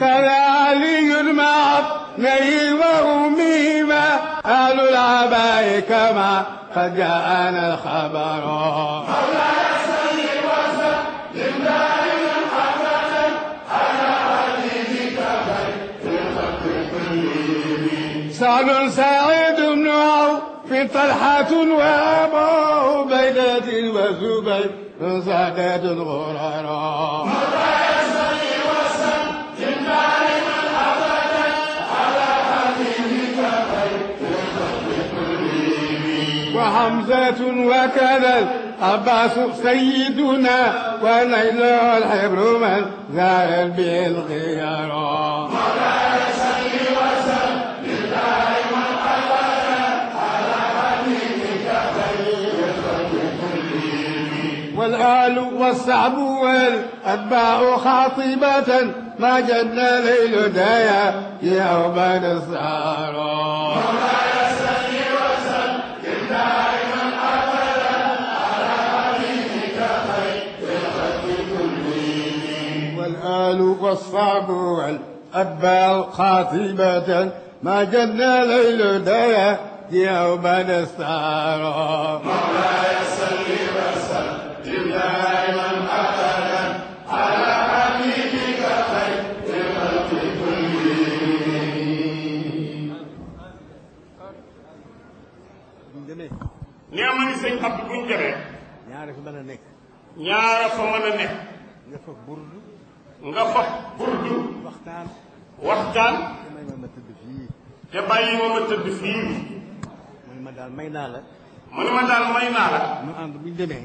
كالعلي المعط نيل وهميمة أهل العباء كما قد جاءنا الخبر مولاي وسلم على في الخلق كلهم سعد سعيد بن عوف في طلحة وأبو عبيدة وزبير سادات الغرراء وحمزة وكذا عباس سيدنا وليلى والحبر من زائل بالخيار والآل والصعب والأتباع خاطبة ما جن ليل دايا يوم نسهر والصابوع الأدباء خاطبة ما جنى ليل دايا يوما استعار مولاي صل وسلم دائما أبدا على حبيبك خير الخلق كلهم ñaamani sëñ Abdou buñ demee ñaara fa mën a nekk nga fab burdu waxtaan waxtaan te may ma ma tëdd fii te bàyyi ma ma tëdd fii mu ne ma daal may naa la mu ne ma daal may naa la ñu ànd bu ñu demee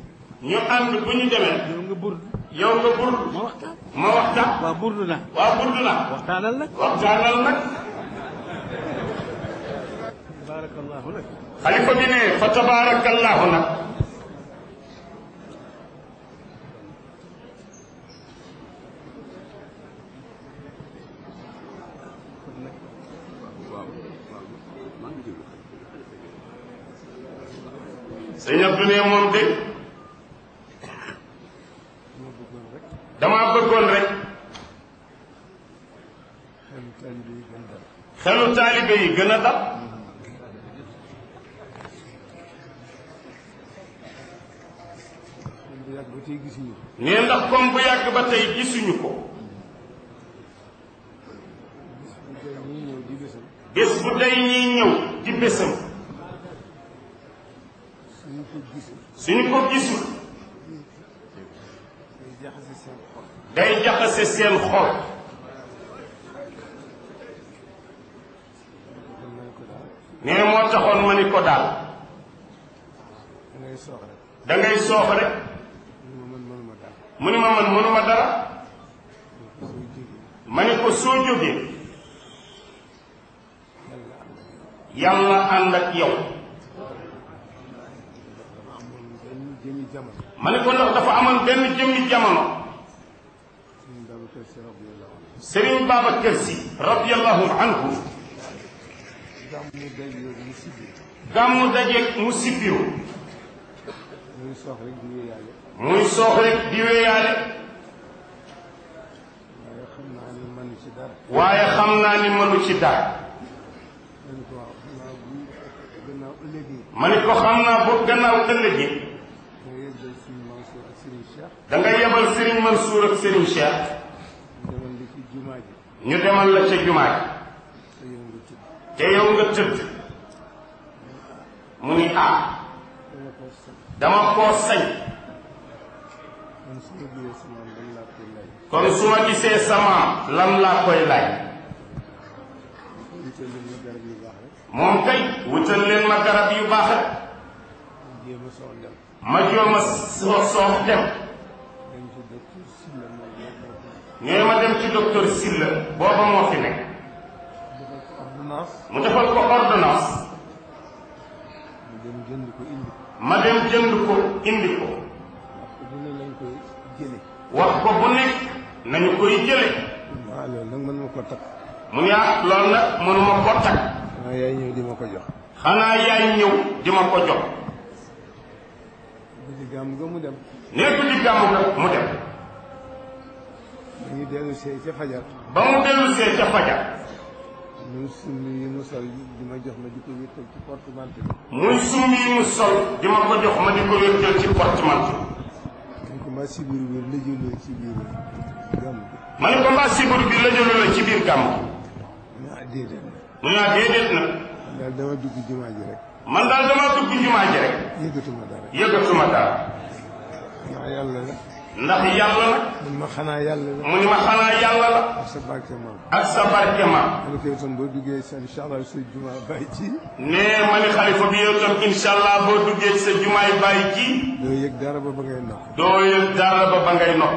ñu ànd bu ñu demee yow nga burdu yow nga burdu ma waxtaan ma waxtaan waa burdu na waa burdu na waxtaanal nag waxtaanal nag tabaarakallahu nag xalifa bi ne fa tabaarakallahu nag du bëggoon rek xelu taalibe yi gën a nee ndax comme bu yàgg ba tey gisuñu ko bés bu tey ñiy ñëw di bésam suñu ko gisul day jaxase seen xol nee moo taxoon ma ni ko daal da ngay soox rek mu ni ma man mënuma dara ma ni ko soo jógee yàlla ànd ak yow ملك الله دفع من بين جمي جمانو سرين بابا كرسي رضي الله عنه دامو دجيك موسيبيو موي سوخريك ديوي يالي وايا خمنا لي منو سي خمنا بو غناو تلجي da nga yebal Serigne Mansour ak Serigne Cheikh ñu demal la ca jumaa ji te yow nga tëdd mu ni ah dama koo sañ kon su ma gisee sama lan laa koy laaj moom kay wutal leen ma garab yu baax rek ma jooma soox dem nee ma dem ci docteur Silla booba moo fi nekk mu defal ko ordonnance ma dem jënd ko indi ma dem jënd ko indi ko wax ko bu nekk nañu koy jële waaw mënuma koo takk mu ne ah loolu mënuma koo takk xanaa yaay ñëw di ma ko jox xanaa yaay ñëw di ma ko jox guddi gàmm ga mu dem nee guddi gàmm ga mu dem ba ñu dellu ca fajar. ba mu dellu see ca fajar. muy summi mu sol di ma jox ma di ko wéttal ci porte-manteau bi. muy sol di ma ko jox ma di ko wéttal ci porte-manteau bi. man ko maa sibiru bi la ci biir gàmm. man ko maa sibiru bi la mu naa déedéet na. mu na. man daal dama dugg jumaa ji rek. man daal dama dugg jumaa rek. yëgatuma dara. yëgatuma dara. ndax yàlla la. ndax yàlla la. mun ma xanaa yàlla la. mun ma xanaa yàlla la. ak sa barke maam. ak sa barke maam. ma ne ko yow tam boo duggee sa incha allah sa jumaa bàyyi ji. nee ma ne xalifa bi yow tam incha allah boo duggee sa jumaay bàyyi ji. doo yëg dara ba ba ngay nokk. doo yëg dara ba ba ngay nokk.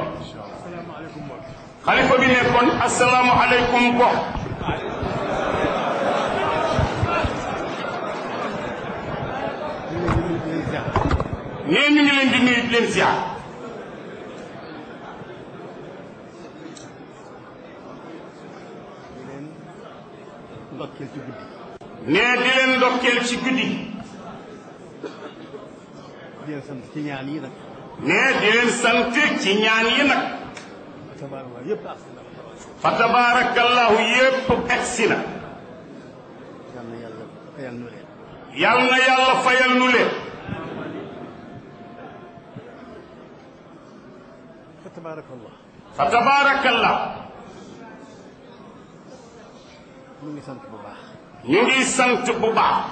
xalifa bi ne kon asalaamualeykum ko. nee ñu ngi leen di nuyu di leen ziar. ndokkeel ci guddi. nee di leen ndokkeel ci guddi. di leen sant ci ñaan yi nag. nee di leen sant ci ñaan yi nag. fa tabaarakallahu yépp egsi na. yal na yàlla nu leen. fa tabaarakallah. fa tabaarakallah. ñu ngi sant bu baax. ñu ngi sant bu baax.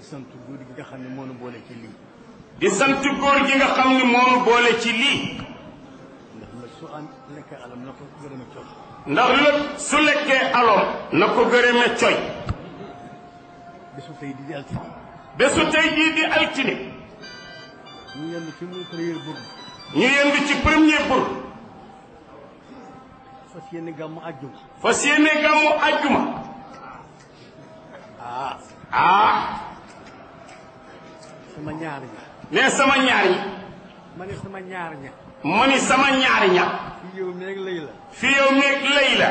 di sant góor gi nga xam ne moo nu boole ci lii. di sant góor gi nga xam ne moo nu boole ci lii. ndax su am lekkee alom na ko gërëme coy. ndax lépp su na ko gërëme coy. bésu tey di di altine. bésu tey jii di altine. ñu yendu ci premier bour. ñu yendu ci premier bour. fas yéene gàmmu àjjuma. fas yéene gàmmu àjjuma. ah. ah. sama ñaar ña. nee sama ñaar ña. ma ni sama ñaar ña. ma ni sama ñaar ña. fii yow meeg lay la. fii yow meeg lay la.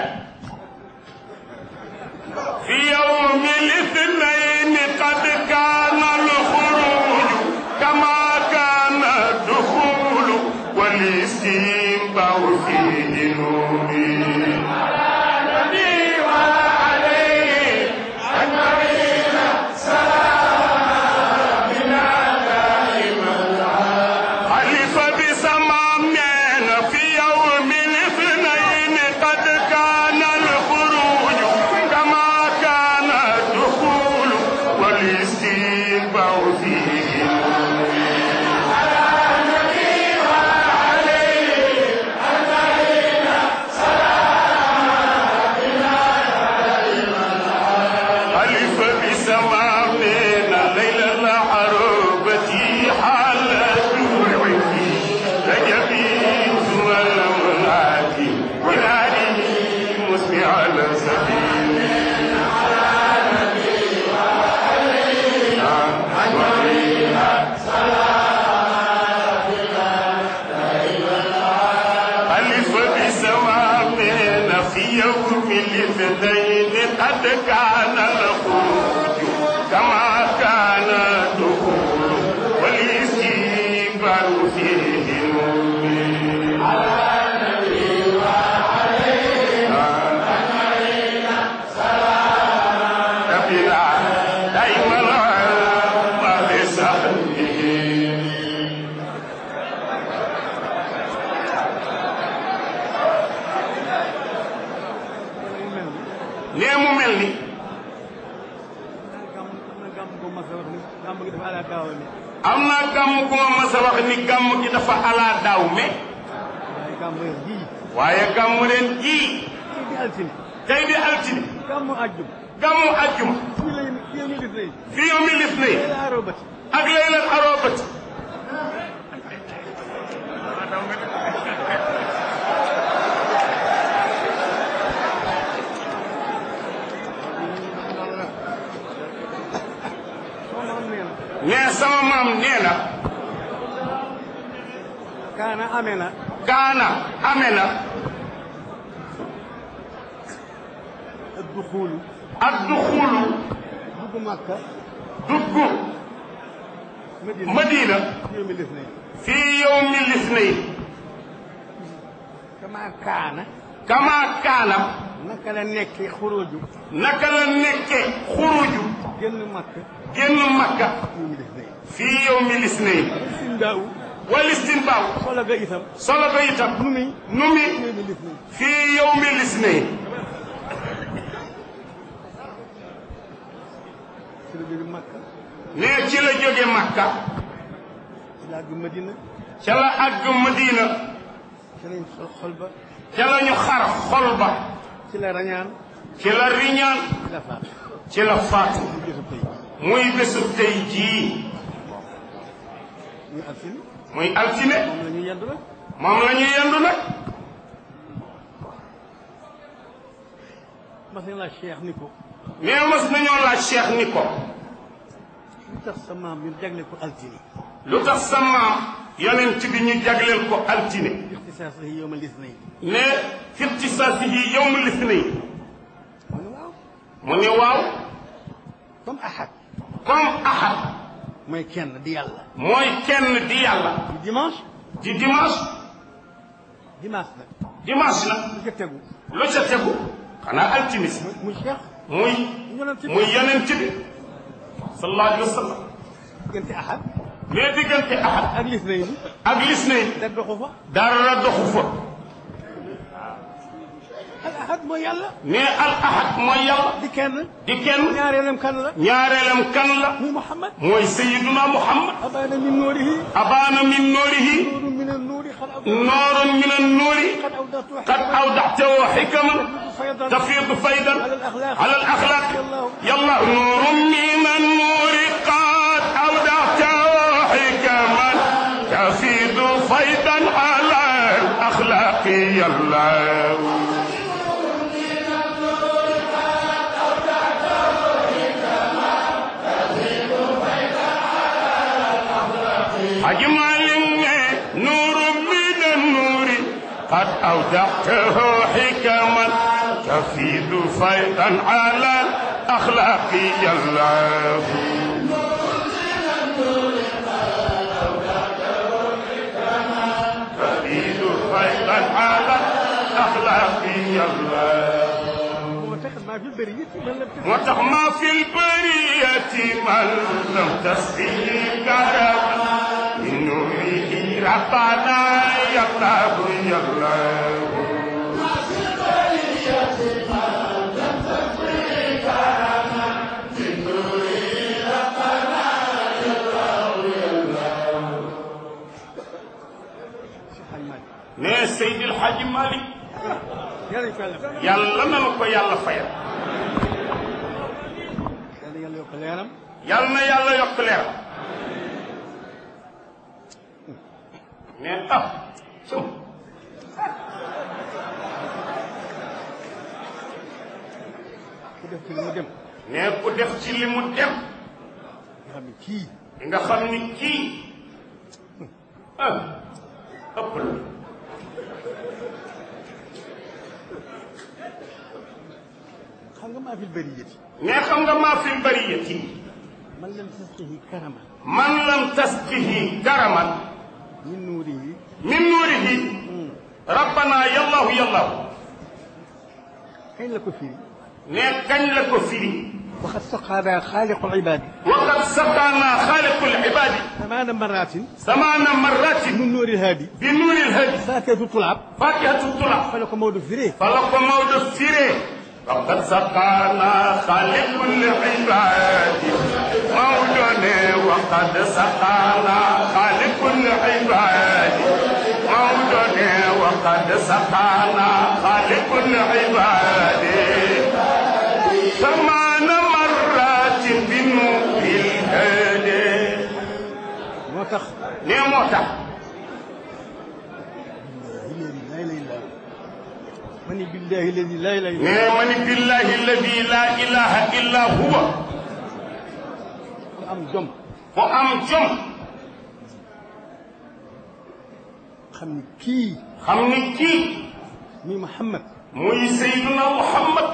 fii yow meeg lay la. I bá òkè nínú omi. بسمامنا ليل الحرب gammuɗen ɗiɗi gayde altine gammu ajjuma gammu ajjuma fi yawmi lisnayi ak laylat arobati nee sama maam nee na kaana ame na kaana ame na duxuulu ak duxuulu dugg Makka dugg Madina fii yawmi lisnayn kamaa kaana kamaa kaana naka la nekke xuruju naka la nekke xuruju génn Makka génn Makka fii yawmi lisnayn walistin baaw solo ga itam solo ci nee ci la jóge Makka. ci la àgg Madina. ca la àgg Madina. ca lañ la ñu xar xol ci la rañaan. ci la riñaan. ci la faatu. muy bésu tey jii. muy altine. moom la yendu na Mais mas nañoo laaj cheikh a, ko. lu tax sa ko altine. lu tax sa maam yonent ko Altini. ne fi ixtisaasihi yowma lisnayn. mu ne waaw. mu ne comme ahad. comme ahad. mooy kenn di yàlla. mooy kenn di yàlla. dimanche. dimanche. dimanche dimanche altimis. cheikh. muy muy yonent bi sallallahu alayhi wa sallam diggante ahad mais diggante ahad ak lis nañ ak lis nañ dara doxu fa ahad mooy yàlla. ne al ahad mooy yàlla. di kenn. di kenn ñaareelam kan la. ñaareelam kan la. muy Muhammad. mooy Sayyiduna Muhammad. abaana min nuurihi. abaana min nuurihi. nuurun min an-nuuri qad awdahtu qad awdahtu hikaman tafiidu faydan ala al-axlaaq قد أودعته حكما تفيد فيضا على أخلاقي الله على أخلاقي الله ما في البرية من لم تسقيه كرما من نوره ربنا يا الله يا الله ne Seydil Hadji Malick yàlla na ko yàlla fayal. yàlla na yàlla yokk leeram. neen ah sum ku def ci li mu dem nee ku def ci li mu dem nga xam ni kii nga xam ni kii ah ëpp la xam nga maa fi bëri yëti nee xam nga maa fi bëri yëti man lam tasqihi karaman man lam tasqihi karaman من نوره من نوره ربنا يالله يالله كاين لا كفيري كاين لا كفيري وقد سقانا خالق العباد وقد سقانا خالق العباد ثمان مرات ثمان مرات من نور الهادي نور الهادي فاكهة الطلاب فاكهة الطلاب فلك مود الفريه فلك مود الفريه وقد سقانا خالق العباد مود الكون وقد سقانا خالق العباد موجود وقد سقانا خالق العباد ثمان مرات بنور الهادي موتخ ليه موتخ من بالله الذي لا اله الا هو am jom ku am jom xam ni kii xam ni kii muy Muhammad muy Seydina Muhammad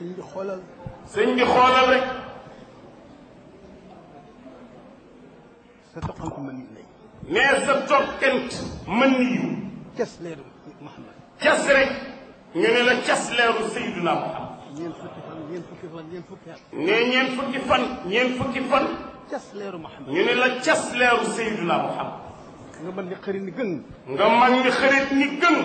sëñ bi xoolal sëñ bi xoolal rek sa toqantu mën nañ mais sa tokkant mën niyu cas leeru Muhammad cas rek ñu ne la cas leeru Seydina Muhammad ñeent fukki fan ñeent fukki fan ñeent fukki at. nee ñeent fukki fan ñeent fukki fan. cas leeru Muhammad. ñu ne la cas leeru Seydina Muhammad. nga mën ni xarit ni gën. nga mën ni xarit ni gën.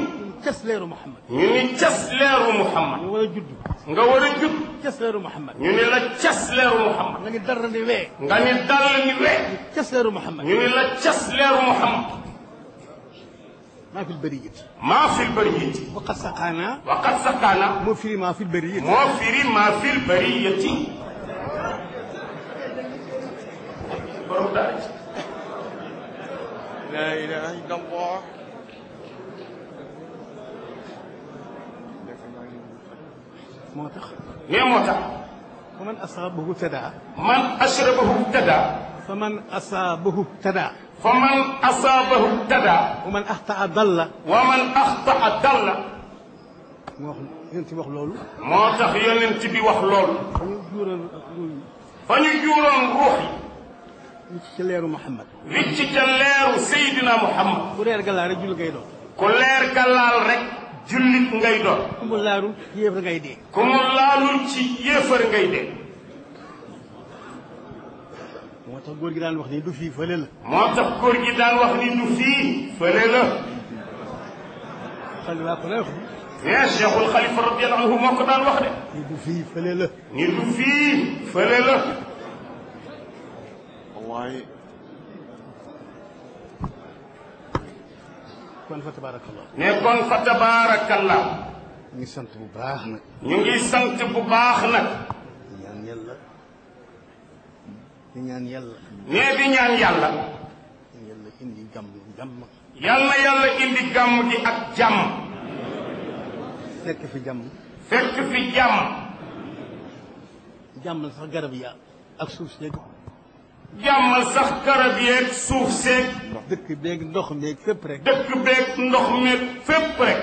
cas leeru Muhammad. ñu ni cas leeru Muhammad. nga war a judd. nga war a judd. cas leeru Muhammad. ñu ne la cas leeru Muhammad. nga ni dara ni wee. nga ni dara ni wee. cas leeru Muhammad. ñu ne la cas leeru Muhammad. ما في البرية ما في البرية وقد سقانا وقد سقانا موفر ما في البرية موفر ما في البرية لا إله إلا الله موتخ يا إيه موتخ ومن أصابه ابتدع من أشربه ابتدع فمن أصابه ابتدع فمن أصابه ابتدى ومن أخطأ ضل ومن أخطأ ضل ينتي واخ لولو ما تخ ينتي بي واخ فني جورن روحي ليرو محمد ليتي ليرو سيدنا محمد كولير غلا رجل غاي دو كولير كالال رك جوليت غاي دو كوم ييفر غاي دي كوم تي ييفر غاي دي moo góor gi daan wax ni du fii fële la. moo góor gi daan wax ni du fële la. ko wax. Khalifa anhu daan wax de. ni du fële la. ni du fële la. kon fa ne kon fa sant bu baax ngi sant bu baax ñaan yàlla. di ñaan yàlla. nee di ñaan yàlla. yàlla indi jàmm jàmm. yàlla yàlla indi jàmm ji ak jàmm. fekk fi jàmm. fekk fi jàmm. jàmmal sax garab yi ak suuf seeg. jàmmal sax garab yeeg suuf seeg. dëkk beeg ndox meeg fépp rek. dëkk beeg ndox meeg fépp rek.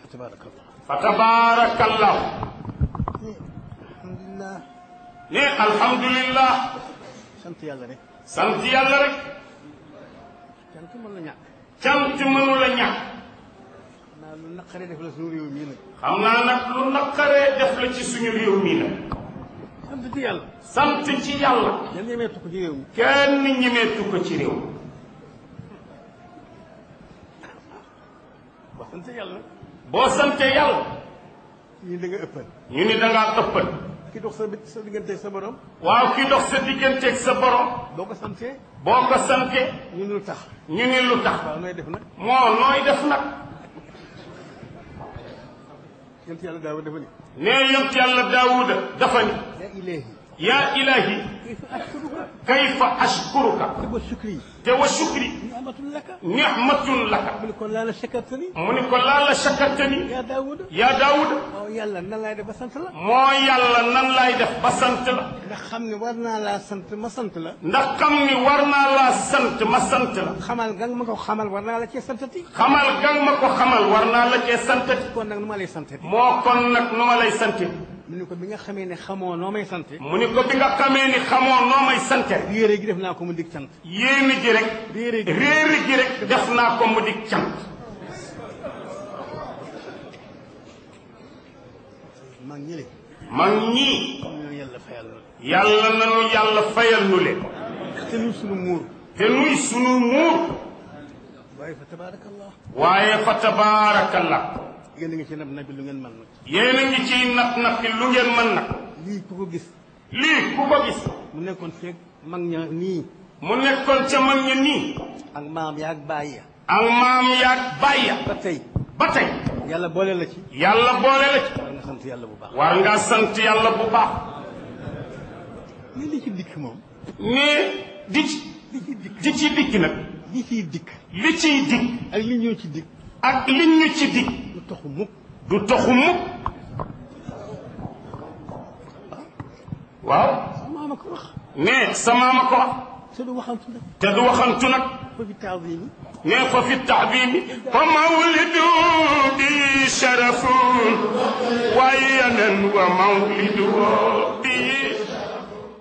fa tabaarakallah. fa tabaarakallah. alhamdulillah. ne alhamdulillah. sant yàlla rek. sant yàlla rek. cant mën la ñàkk. cant mënu la ñàkk. lu naqaree def la suñu réew mii nag. xam naa nag lu naqaree def la sant ci yàlla. sant ci yàlla. kenn ñemeetu ko ci réew mi. kenn ñemeetu ci réew boo sant yàlla. boo sant yàlla. ñu ne da nga ëppal. ñu ne ki dox sa sa sa borom. waaw ki dox sa digganteeg sa borom. boo ko santee. boo ko santee. ñu ni lu tax. ñu ni lu tax. waaw nooy def nag. moo nooy def nag. yonent yàlla daawuda dafa ni. nee yonent yàlla daawuda dafa ni. يا إلهي كيف أشكرك جو شكري نعمة لك نعمة لك منكم لا شكرتني منكم لا شكرتني يا داود يا داود مو يلا نان لاي بسنت لا مو يلا نان لاي دف بسنت لا نخمني ورنا لا سنت ما سنت لا نخمني ورنا لا سنت ما سنت لا خمال غان ما كو خمال ورنا لا كي سنتتي خمال غان ما كو خمال ورنا لا كي سنتتي كون نك نوما لاي سنتتي مو كون نك نوما mu ni ko bi nga xamee ne xamoo noo may sante mu ni ko bi nga xamee ni xamoo noo may sante réere gi def naa ko mu dig cant yéene ji rek réere ji rek def naa ko mu dig cant mag ñi le mag ñii yàlla fayal nu yàlla nanu yàlla fayal nu le te nuy sunu muur te nuy sunu muur waaye fa tabaarakallah waaye fa tabaarakallah yéen a ci nap lu ngeen mën nag a ngi ci nap lu ngeen mën nag lii ku ko gis lii ku ko gis mu nekkoon feeg mag ña nii mu nekkoon ca mag ña nii ak maam yaag baay ya ak maam yaag baay ya ba tey ba tey yàlla boole la ci yàlla boole la ci war nga sant yàlla bu baax war ngaa sant yàlla bu baax mais li ci dikk moom mais di ci di ci dikk nag li ciy dikk li ciy dikk ak li ñëw ci dikk ak li ñu ci dig du taxu mukk du taxu mukk waaw ne sama ma ko wax te du waxantu nag te du waxantu nag ne fa fi taxbiimi fa mawlidu bi sharafun wa yanan wa mawlidu